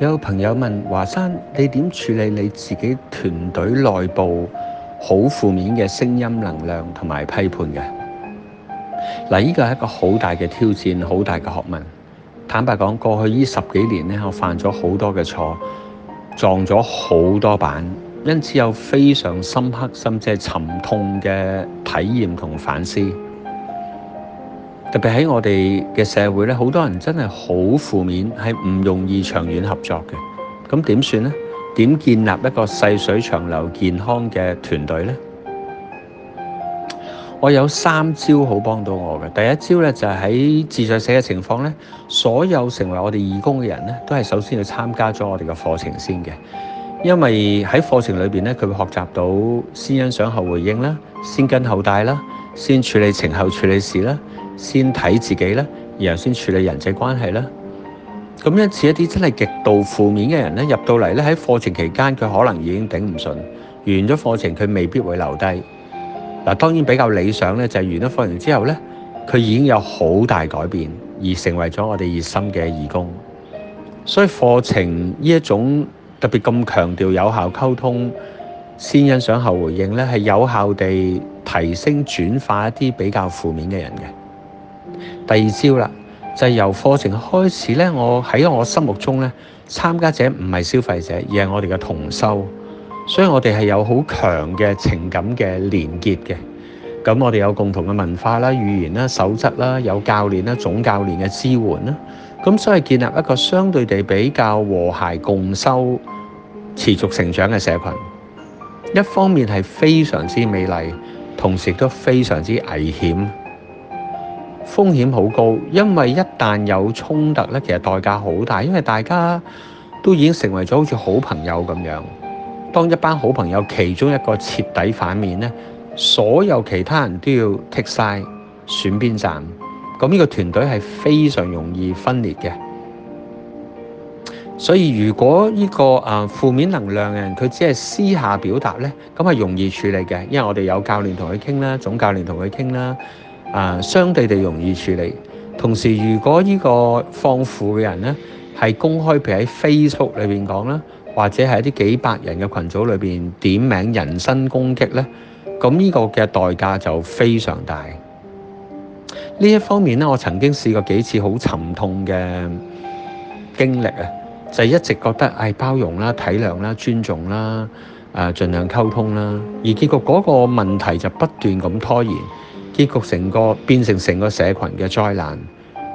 有朋友問華山：你點處理你自己團隊內部好負面嘅聲音能量同埋批判嘅？嗱，呢個係一個好大嘅挑戰，好大嘅學問。坦白講，過去呢十幾年呢，我犯咗好多嘅錯，撞咗好多板，因此有非常深刻，甚至係沉痛嘅體驗同反思。特別喺我哋嘅社會咧，好多人真係好負面，係唔容易長遠合作嘅。咁點算咧？點建立一個細水長流、健康嘅團隊呢？我有三招好幫到我嘅。第一招咧就係喺自在社嘅情況咧，所有成為我哋義工嘅人咧，都係首先要參加咗我哋嘅課程先嘅。因為喺課程裏邊咧，佢會學習到先欣賞後回應啦，先跟後帶啦，先處理情後處理事啦。先睇自己咧，然後先處理人際關係啦。咁因此，一啲真係極度負面嘅人咧，入到嚟咧，喺課程期間，佢可能已經頂唔順。完咗課程，佢未必會留低嗱。當然比較理想咧，就係、是、完咗課程之後咧，佢已經有好大改變，而成為咗我哋熱心嘅義工。所以課程呢一種特別咁強調有效溝通，先欣賞後回應咧，係有效地提升轉化一啲比較負面嘅人嘅。第二招啦，就係由課程開始咧，我喺我心目中咧，參加者唔係消費者，而係我哋嘅同修，所以我哋係有好強嘅情感嘅連結嘅。咁我哋有共同嘅文化啦、語言啦、守則啦、有教練啦、總教練嘅支援啦，咁所以建立一個相對地比較和諧共修、持續成長嘅社群。一方面係非常之美麗，同時都非常之危險。風險好高，因為一旦有衝突咧，其實代價好大，因為大家都已經成為咗好似好朋友咁樣。當一班好朋友其中一個徹底反面咧，所有其他人都要剔曬，選邊站，咁呢個團隊係非常容易分裂嘅。所以如果呢個啊負面能量嘅人佢只係私下表達咧，咁係容易處理嘅，因為我哋有教練同佢傾啦，總教練同佢傾啦。啊，相對地容易處理。同時，如果呢個放負嘅人呢，係公開譬如喺 Facebook 裏面講啦，或者係啲幾百人嘅群組裏面點名人身攻擊呢，咁呢個嘅代價就非常大。呢一方面呢，我曾經試過幾次好沉痛嘅經歷啊，就一直覺得唉、哎、包容啦、體諒啦、尊重啦，啊、盡量溝通啦，而結果嗰個問題就不斷咁拖延。結局成個變成成個社群嘅災難，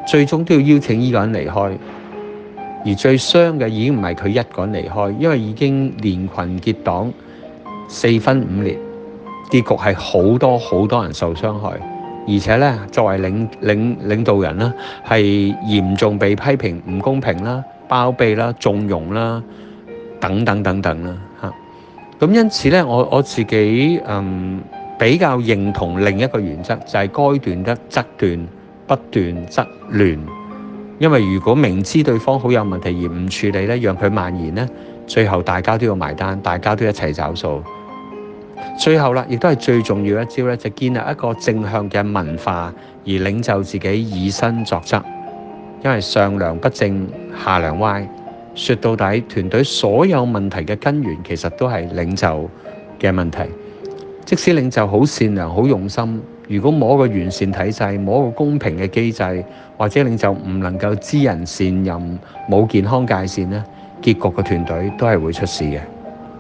最終都要邀請呢個人離開。而最傷嘅已經唔係佢一個人離開，因為已經連群結黨、四分五裂，結局係好多好多人受傷害，而且呢作為領領,領導人呢係嚴重被批評唔公平啦、包庇啦、縱容啦等等等等啦吓咁、嗯、因此呢，我我自己嗯。比較認同另一個原則就係該斷得則斷，不斷則亂。因為如果明知對方好有問題而唔處理咧，讓佢蔓延咧，最後大家都要埋單，大家都一齊找數。最後啦，亦都係最重要一招咧，就建立一個正向嘅文化，而領袖自己以身作則。因為上梁不正下梁歪，説到底團隊所有問題嘅根源其實都係領袖嘅問題。即使領袖好善良、好用心，如果冇一個完善體制、冇一個公平嘅機制，或者領袖唔能夠知人善任、冇健康界線咧，結局個團隊都係會出事嘅。